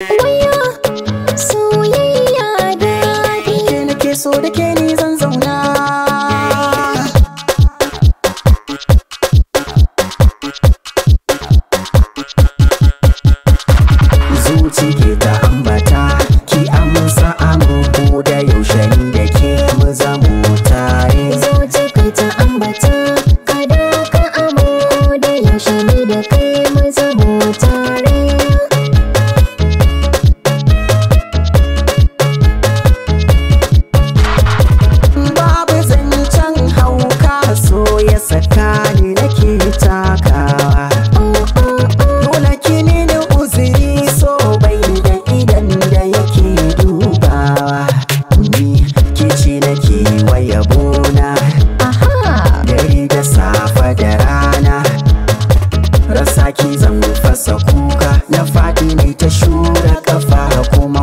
you na faɗi ne ta shura kafa kuma